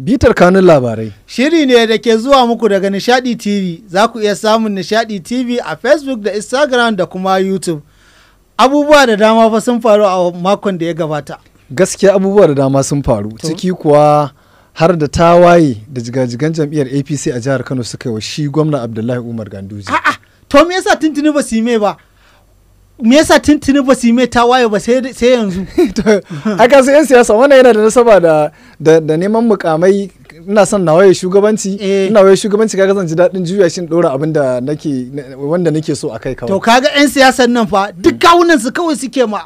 Bitar kanun labarai. Shiri ne da ke zuwa muku daga Nishadi TV, za ku iya samun Nishadi TV a Facebook da Instagram da kuma YouTube. Abubuwa da dama fa sun faru a makon da ya gabata. Gaskiya abubuwa da dama sun faru, ciki kuwa har da tawaye da jigajigan jam'iyyar APC a jihar Kano suka yi wa shi gwamna Abdullahi Umar Ganduje. A'a, to me yasa tuntuni ba su yi mai ba? me yasa tuntuni ba su yi mai waye ba sai yanzu a kasu 'yan siyasa wannan yana da nasaba da neman mukamai ina son na waye shugabanci eh. ina waye shugabanci kaga zan ji daɗin juya shin dora abin da nake wanda nake so akai kawai to kaga yan siyasan nan fa duk mm. kawunan su kawai suke ma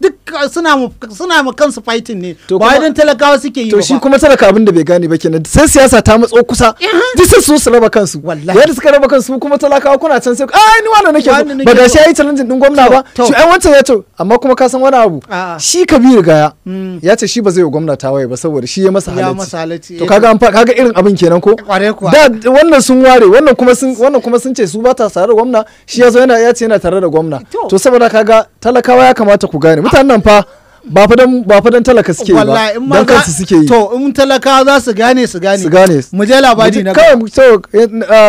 duk suna suna ma kansu fighting ne ba idan talakawa suke yi ba to shi kuma talaka abin da bai gane ba kenan sai siyasa ta matso kusa eh. duk sun so su raba kansu wallahi yadda suka raba kansu kuma talakawa kuna can sai ai ni wannan nake so ba shi ai challenge din gwamna ba to ai wancan ya to amma kuma ka san wani abu ah. shi Kabiru Gaya mm. ya ce shi ba zai yi gwamna waye ba saboda shi ya masa halacci kaga an kaga irin abin kenan ko da wannan sun ware wannan kuma sun wannan kuma sun ce su ba ta tare da gwamna shi yazo yana ya ce yana tare da gwamna to saboda kaga talakawa ya kamata ku gane mutanen fa ba fa dan ba fa dan talaka suke ba dan kansu suke yi to in talaka za su gane su gane su gane mu je labari na kai mu to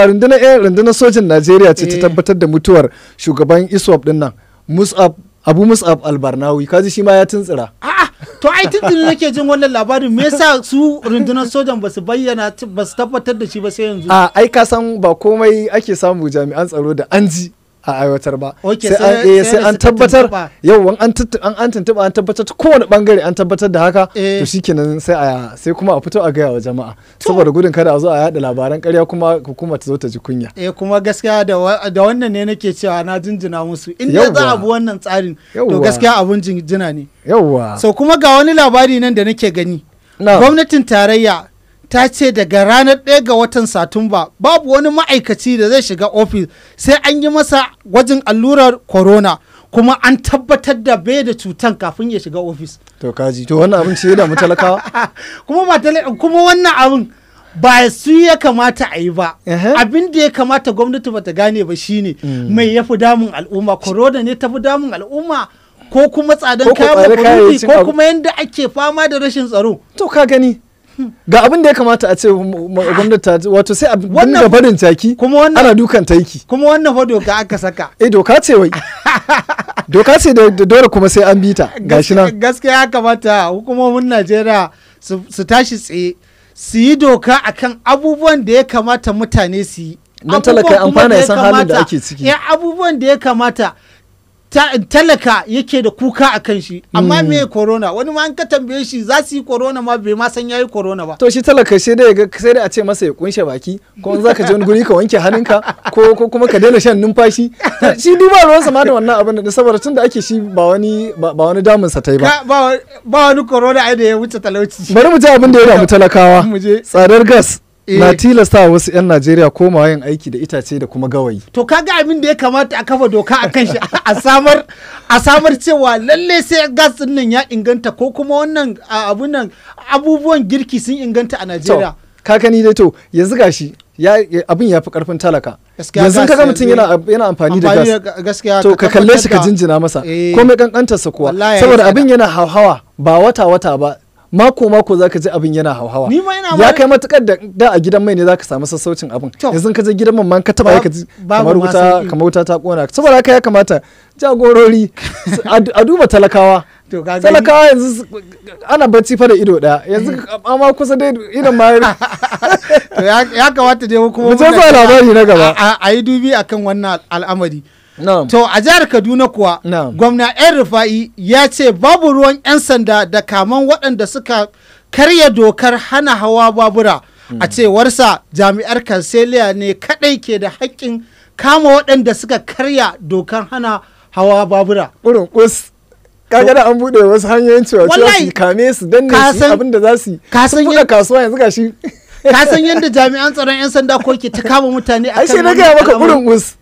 rundunar eh, rundunar sojin Najeriya ce ta eh. tabbatar da mutuwar shugaban ISWAP din nan Mus'ab Abu Mus'ab Albarnawi kaji shi ma ya tuntsira a'a ah, to ai da nake jin wannan labarin me yasa su rundunar sojan ba su bayyana ba su tabbatar da shi ba sai yanzu a ai ka san ba komai ake samu jami'an tsaro da anji. a aiwatar ba sai an eh, tabbatar yau an tuntuba an tabbatar kowane bangare an tabbatar da haka to eh. shikenan sai a sai kuma a fito a gaya wa jama'a saboda gudun kada a zo a yada labaran karya kuma hukuma ta zo ta ji kunya eh kuma gaskiya da wannan ne nake cewa na jinjina musu in da za a bi wannan tsarin to gaskiya abun jinjina ne yauwa so kuma ga wani labari nan da nake gani gwamnatin tarayya ta ce daga ranar 1 ga watan satumba babu wani ma'aikaci da zai shiga ofis sai an yi masa gwajin allurar corona kuma an tabbatar da bai da cutan kafin ya shiga ofis to kaji to wannan abin ce da mu kuma kuma wannan abin ba su ya kamata a yi ba abin da ya kamata gwamnati ba ta gane ba shine mm. mai ya fi damun al'umma corona ne ta fi damun al'umma ko kuma tsadan kayan ko kuma yadda ake fama da rashin tsaro to ka gani ga abin da ya kamata a ce gwamnati wato sai abin da barin taki ana dukan taiki kuma wannan fa doka aka saka eh doka ce wai doka ce da dole kuma sai an bita gashi nan gaskiya kamata hukumomin Najeriya su tashi tsaye su yi doka akan abubuwan da ya kamata mutane su yi don talaka amfana ya san halin da ake ciki abubuwan da ya kamata talaka yake da kuka a kan shi amma hmm. me corona wani ma an ka tambaye shi za su yi corona ma bai ma san yayi corona ba to shi talaka sai dai sai dai a ce masa ya kunshe baki ko za ka je wani guri ka wanke hannunka ko ko kuma ka daina shan numfashi shi duba ruwan sama da wannan abin da saboda tun da ake shi ba wani ba wani damun sa tai ba ba wani corona ai da ya wuce talauci bari mu ji abin da ya damu talakawa tsadar gas Eh. na tilasta wasu 'yan najeriya komawa yin aiki da itace da kuma gawayi to kaga abin da ya kamata a kafa doka a kan shi a samar a samar cewa lalle sai gas din nan ya inganta ko kuma wannan abun nan abubuwan girki sun inganta a najeriya kakani dai to yanzu gashi abin ya fi karfin talaka yanzu kaga mutum yana amfani da gas to ka kalle shi ka jinjina masa eh. komai kankantarsa kuwa saboda abin yana hauhawa ba wata wata ba mako mako zaka ji abin yana hauhawa ya kai matukar da da a gidan mai ne zaka samu sassaucin abin yanzu ka je gidan man ka taba ka ji kamar wuta kamar wuta ta kona saboda haka ya kamata jagorori a duba talakawa talakawa yanzu ana bacci fa da ido daya yanzu hmm. amma kusa dai idan ma ya kamata dai kuma mu je labari na gaba a yi dubi akan wannan al'amari to a jihar kaduna kuwa gwamna yan rufa'i ya ce babu ruwan 'yan sanda da kaman waɗanda suka karya dokar hana hawa babura hmm. a cewarsa jami'ar kanseliya ne kaɗai ke da haƙƙin kama waɗanda suka karya dokar hana hawa babura kaga da an bude wasu hanyoyin cewa su kame su danne su abin da za su yi kasan kasuwa yanzu gashi ka san yadda jami'an tsaron 'yan sanda ko ke ta kama mutane a kan na gaya maka burin us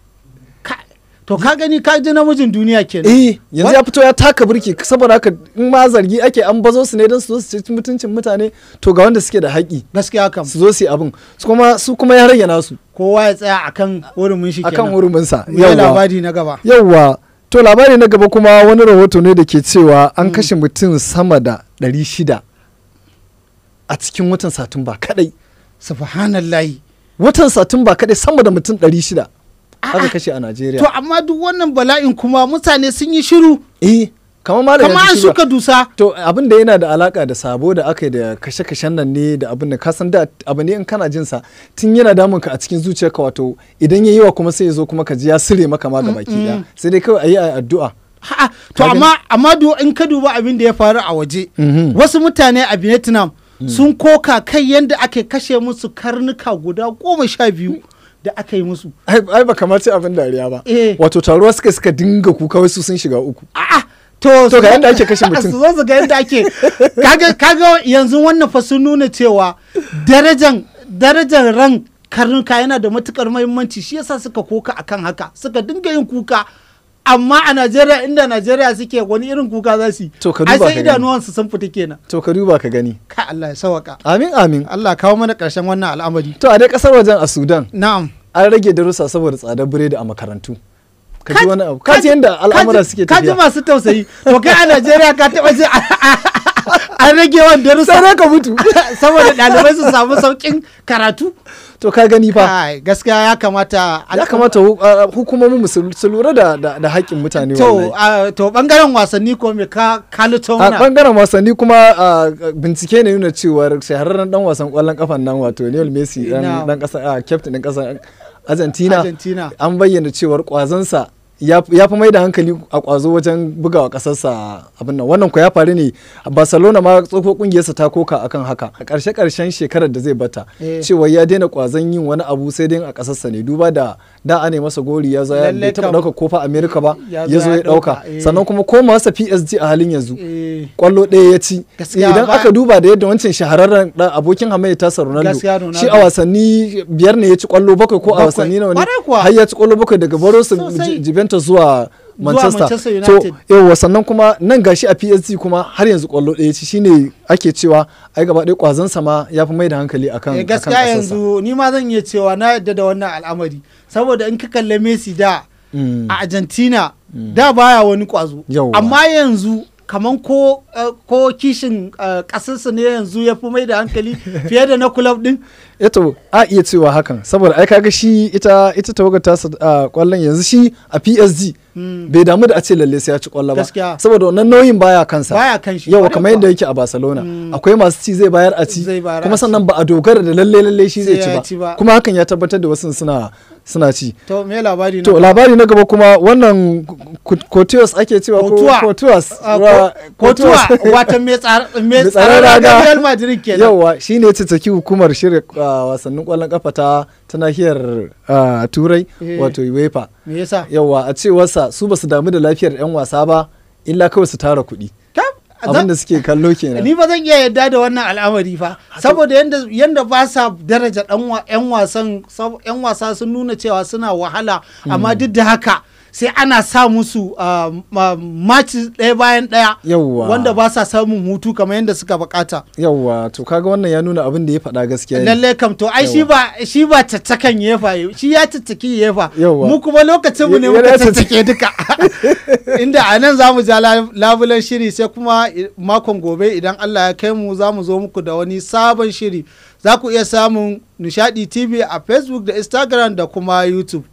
to ka gani ka ji namijin duniya kenan eh yanzu ya fito ya taka burki saboda haka in ma zargi ake an bazo su ne don su zo su mutuncin mutane to ga wanda suke da haƙi gaskiya kam su zo su abin su kuma su kuma ya rage nasu kowa ya tsaya akan hurumin shi kenan akan hurumin sa yawa labari na gaba yawa to labari na gaba kuma wani rahoto ne da ke cewa an mm. kashe mutum sama da 600 a cikin watan satumba kadai subhanallahi watan satumba kadai sama da mutum 600 aka kashe a Najeriya to amma duk wannan bala'in kuma mutane sun yi shiru eh kama malam kamar an suka dusa to abin da yana da alaka da sabo da aka yi da kashe-kashen nan ne da abin da ka san da abu ne in kana jinsa tun yana damun ka a cikin zuciyarka wato idan ya yi wa kuma sai ya zo kuma ka ji ya sire maka ma gabaki ya sai dai kawai a addu'a to amma amma in ka duba abin da ya faru a waje mm-hmm. wasu mutane a Vietnam mm. sun koka kai yadda ake kashe musu karnuka guda goma sha biyu da aka yi musu ai ba kamar ce abin dariya ba eh. wato taruwa suka suka dinga kuka wasu sun shiga uku a'a to to ga yadda ake kashe mutum su zo su ga yadda ake kaga kaga yanzu wannan fa sun nuna cewa darajan darajan ran karnuka yana da matukar muhimmanci shi yasa suka koka akan haka suka dinga yin kuka amma a najeriya inda najeriya suke wani irin kuka za su to ka duba ka gani idanuwansu sun fita kenan to ka duba ka gani ka Allah ya sawaka amin amin Allah kawo mana karshen wannan al'amari to a dai kasar wajen a Sudan na'am an rage darussa saboda tsadar biredi a makarantu ka ji wani abu ka ji yanda al'amura suke tafiya ka ji masu tausayi to kai a najeriya ka taba ji an rage wani darussa sai ka mutu saboda ɗalibai su samu saukin karatu to ka gani fa gaskiya ya kamata ya kamata hukumomin mu su lura da da haƙƙin mutane to to bangaren wasanni ko me ka kalito na bangaren wasanni kuma bincike ne nuna cewa shahararren dan wasan kwallon kafan nan wato Lionel Messi dan dan kasa captain din kasa Argentina an bayyana cewar kwazansa ya fi mai da hankali a kwazo wajen buga bugawa kasarsa abin nan wannan ku ya faru ne a barcelona ma tsoho kungiyarsa ta koka akan haka a karshe-karshen shekarar da zai bata eh. cewa ya daina kwazon yin wani abu sai dai a kasarsa ne duba da da ne masa gori ya zaya bai taba dauka kofa America ba ya zo ya dauka eh. sannan kuma ko masa PSG a halin yanzu kwallo eh. ɗaya ya ci idan aka duba da yadda wancan shahararren dan abokin hamayya tasa Ronaldo shi a wasanni biyar ne ya ci kwallo bakwai ko a wasanni nawa ne har ya ci kwallo bakwai daga Borussia Juventus zuwa Manchester. So yawa sannan kuma nan gashi a PSG kuma har yanzu kwallo ɗaya ci shine ake cewa ai gaba ɗaya kwazon sama ya fi mai da hankali akan e, eh, gaskiya yanzu ni ma zan iya cewa na yadda da wannan al'amari saboda in ka kalle Messi da mm. a Argentina mm. da baya wani kwazo amma yanzu kamar ko eh, ko kishin kasarsa eh, ne yanzu yafi fi mai da hankali fiye da na kulab din eto a iya cewa hakan saboda ai kaga shi ita ita tawagar tasa kwallon ah, yanzu shi a PSG bai damu da a ce lalle sai ya ci kwallo ba saboda wannan nauyin baya kansa baya kan shi yawa kamar yadda yake a Barcelona mm. akwai masu ci zai bayar a ci kuma sannan ba a dogara da lalle lalle shi zai ci ba kuma hakan ya tabbatar da wasu suna suna ci to labari na gaba kuma wannan kotuwas ake cewa ko kotuwas kotuwa wata me tsarara raga Real Madrid kenan shi shine tsaki hukumar shirya ah, wasannin kwallon kafa ta ta nahiyar ah, turai eh. wato UEFA me a cewarsa su basu damu da lafiyar yan wasa ba illa kawai su tara kuɗi abin da suke kallo kenan ni ba zan iya yadda da wannan al'amari fa saboda yanda ba sa daraja dan yan wasan yan wasa sun nuna cewa suna wahala hmm. amma duk da haka sai ana sa musu uh, maci ɗaya bayan ɗaya wanda ba sa samun hutu kamar yadda suka bukata yawwa to kaga wannan ya nuna abin da ya faɗa gaskiya lalle kam to ai shi ba tattakan yefa shi ya tattaki yefa mu kuma lokacin mu ne muka tattake duka inda a nan za mu ja labulan shiri sai kuma makon gobe idan Allah ya kai mu za mu zo muku da wani sabon shiri za ku iya samun nishadi tv a facebook da instagram da kuma youtube